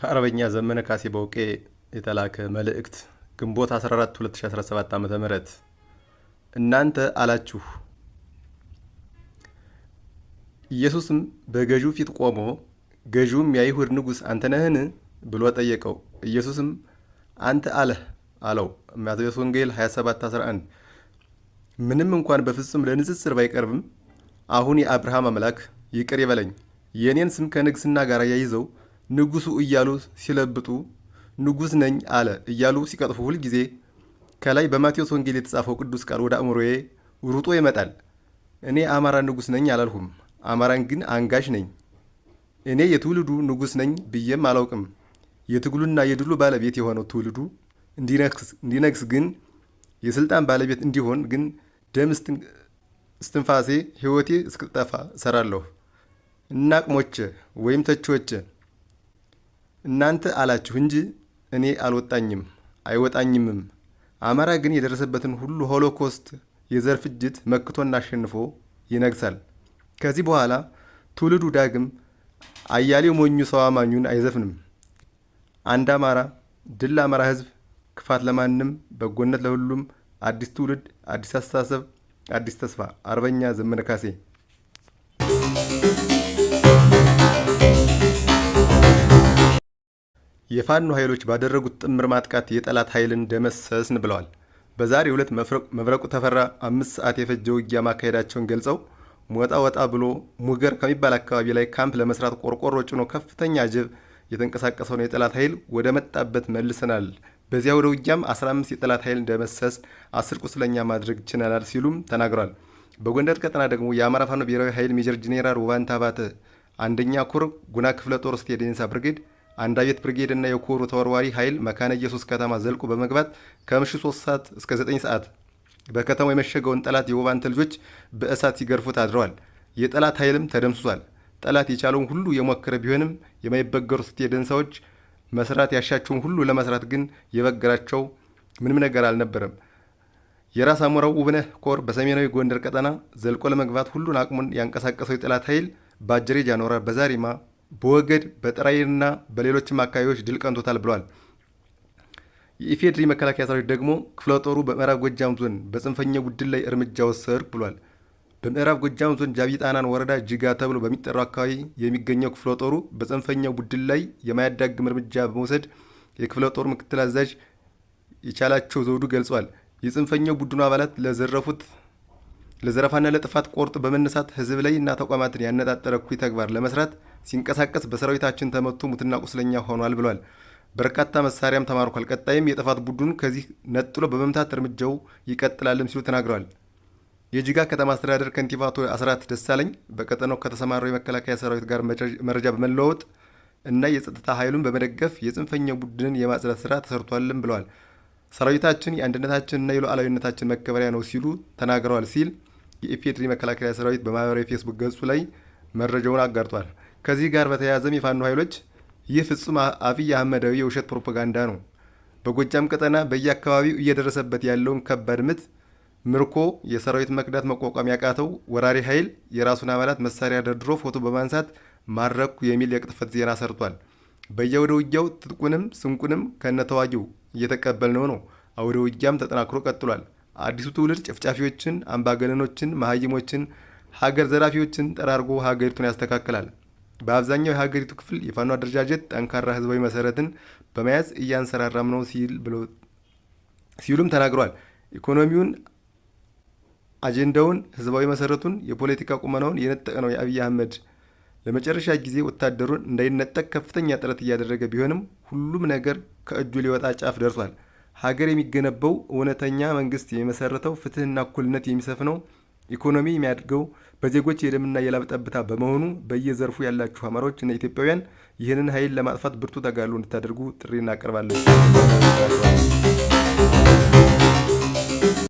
ከአርበኛ ዘመነ ካሴ በውቄ የተላከ መልእክት ግንቦት 14 2017 ዓ ም እናንተ አላችሁ ኢየሱስም በገዢው ፊት ቆሞ ገዢውም የአይሁድ ንጉሥ አንተነህን ብሎ ጠየቀው። ኢየሱስም አንተ አለህ አለው። ማቴዎስ ወንጌል 27 11 ምንም እንኳን በፍጹም ለንጽጽር ባይቀርብም አሁን የአብርሃም አምላክ ይቅር ይበለኝ የእኔን ስም ከንግስና ጋር ያይዘው ንጉሱ እያሉ ሲለብጡ ንጉስ ነኝ አለ እያሉ ሲቀጥፉ ሁልጊዜ ከላይ በማቴዎስ ወንጌል የተጻፈው ቅዱስ ቃል ወደ አእምሮዬ ሩጦ ይመጣል። እኔ አማራ ንጉስ ነኝ አላልሁም። አማራን ግን አንጋሽ ነኝ። እኔ የትውልዱ ንጉስ ነኝ ብዬም አላውቅም። የትግሉና የድሉ ባለቤት የሆነው ትውልዱ እንዲነግስ ግን የስልጣን ባለቤት እንዲሆን ግን ደም እስትንፋሴ ሕይወቴ እስክጠፋ እሰራለሁ። እናቅሞቼ ወይም ተቺዎቼ እናንተ አላችሁ እንጂ እኔ አልወጣኝም አይወጣኝምም። አማራ ግን የደረሰበትን ሁሉ ሆሎኮስት፣ የዘር ፍጅት መክቶና አሸንፎ ይነግሳል። ከዚህ በኋላ ትውልዱ ዳግም አያሌው ሞኙ ሰው አማኙን አይዘፍንም። አንድ አማራ ድል አማራ ህዝብ ክፋት ለማንም በጎነት ለሁሉም አዲስ ትውልድ፣ አዲስ አስተሳሰብ፣ አዲስ ተስፋ። አርበኛ ዘመነ ካሴ። የፋኖ ኃይሎች ባደረጉት ጥምር ማጥቃት የጠላት ኃይልን ደመሰስን ብለዋል። በዛሬ ሁለት መብረቁ ተፈራ አምስት ሰዓት የፈጀ ውጊያ ማካሄዳቸውን ገልጸው ወጣ ወጣ ብሎ ሙገር ከሚባል አካባቢ ላይ ካምፕ ለመስራት ቆርቆሮ ጭኖ ከፍተኛ ጅብ የተንቀሳቀሰውን የጠላት ኃይል ወደ መጣበት መልሰናል በዚያ ወደ ውጊያም 15 የጠላት ኃይል እንደመሰስ አስር ቁስለኛ ማድረግ ችለናል ሲሉም ተናግሯል። በጎንደር ቀጠና ደግሞ የአማራ ፋኖ ብሔራዊ ኃይል ሜጀር ጄኔራል ውባንታ ባተ አንደኛ ኩር ጉና ክፍለ ጦር ውስጥ ደንሳ ብርጌድ አንዳቤት ብርጌድ እና የኮሩ ተወርዋሪ ኃይል መካነ ኢየሱስ ከተማ ዘልቆ በመግባት ከምሽ 3 ሰዓት እስከ 9 ሰዓት በከተማው የመሸገውን ጠላት የውባንተ ልጆች በእሳት ሲገርፉት አድረዋል። የጠላት ኃይልም ተደምስሷል። ጠላት የቻለውን ሁሉ የሞከረ ቢሆንም የማይበገሩ ስቴ ደንሳዎች መስራት ያሻቸውን ሁሉ ለመስራት ግን የበገራቸው ምንም ነገር አልነበረም። የራስ አሞራው ውብነህ ኮር በሰሜናዊ ጎንደር ቀጠና ዘልቆ ለመግባት ሁሉን አቅሙን ያንቀሳቀሰው የጠላት ኃይል በአጀሬ ጃኖራ፣ በዛሪማ፣ በወገድ በጥራይና በሌሎችም አካባቢዎች ድል ቀንቶታል ብሏል። የኢፌዴሪ መከላከያ ሰራዊት ደግሞ ክፍለ ጦሩ በምዕራብ ጎጃም ዞን በጽንፈኛ ቡድን ላይ እርምጃ ወሰድኩ ብሏል። በምዕራብ ጎጃም ዞን ጃቢ ጣናን ወረዳ ጅጋ ተብሎ በሚጠራው አካባቢ የሚገኘው ክፍለ ጦሩ በጽንፈኛው ቡድን ላይ የማያዳግም እርምጃ በመውሰድ የክፍለ ጦር ምክትል አዛዥ የቻላቸው ዘውዱ ገልጿል። የጽንፈኛው ቡድኑ አባላት ለዘረፉት ለዘረፋና ለጥፋት ቆርጦ በመነሳት ህዝብ ላይ እና ተቋማትን ያነጣጠረ እኩይ ተግባር ለመስራት ሲንቀሳቀስ በሰራዊታችን ተመቶ ሙትና ቁስለኛ ሆኗል ብሏል። በርካታ መሳሪያም ተማርኳል። ቀጣይም የጥፋት ቡድኑ ከዚህ ነጥሎ በመምታት እርምጃው ይቀጥላልም ሲሉ ተናግረዋል። የጅጋ ከተማ አስተዳደር ከንቲባ አቶ አስራት ደሳለኝ በቀጠናው ከተሰማራው የመከላከያ ሰራዊት ጋር መረጃ በመለዋወጥ እና የጸጥታ ኃይሉን በመደገፍ የጽንፈኛ ቡድንን የማጽዳት ስራ ተሰርቷልም ብለዋል። ሰራዊታችን የአንድነታችን እና የሉዓላዊነታችን መከበሪያ ነው ሲሉ ተናግረዋል ሲል የኢፌድሪ መከላከያ ሰራዊት በማህበራዊ ፌስቡክ ገጹ ላይ መረጃውን አጋርቷል። ከዚህ ጋር በተያያዘም የፋኖ ኃይሎች ይህ ፍጹም አብይ አህመዳዊ የውሸት ፕሮፓጋንዳ ነው፣ በጎጃም ቀጠና በየአካባቢው እየደረሰበት ያለውን ከባድ ምት ምርኮ የሰራዊት መክዳት መቋቋም ያቃተው ወራሪ ኃይል የራሱን አባላት መሳሪያ ደርድሮ ፎቶ በማንሳት ማድረግኩ የሚል የቅጥፈት ዜና ሰርቷል። በየአውደ ውጊያው ትጥቁንም ስንቁንም ከነተዋጊው እየተቀበልነው ነው። አውደ ውጊያም ተጠናክሮ ቀጥሏል። አዲሱ ትውልድ ጨፍጫፊዎችን፣ አምባገነኖችን፣ መሀይሞችን፣ ሀገር ዘራፊዎችን ጠራርጎ ሀገሪቱን ያስተካክላል። በአብዛኛው የሀገሪቱ ክፍል የፋኖ አደረጃጀት ጠንካራ ህዝባዊ መሰረትን በመያዝ እያንሰራራም ነው ሲሉም ተናግሯል። ኢኮኖሚውን አጀንዳውን፣ ህዝባዊ መሰረቱን፣ የፖለቲካ ቁመናውን የነጠቀ ነው የአብይ አህመድ። ለመጨረሻ ጊዜ ወታደሩን እንዳይነጠቅ ከፍተኛ ጥረት እያደረገ ቢሆንም ሁሉም ነገር ከእጁ ሊወጣ ጫፍ ደርሷል። ሀገር የሚገነባው እውነተኛ መንግስት የመሰረተው ፍትህና እኩልነት የሚሰፍነው ኢኮኖሚ የሚያድገው በዜጎች የደምና የላብ ጠብታ በመሆኑ በየዘርፉ ያላችሁ አማሮች እና ኢትዮጵያውያን ይህንን ኃይል ለማጥፋት ብርቱ ተጋድሎ እንድታደርጉ ጥሪ እናቀርባለን።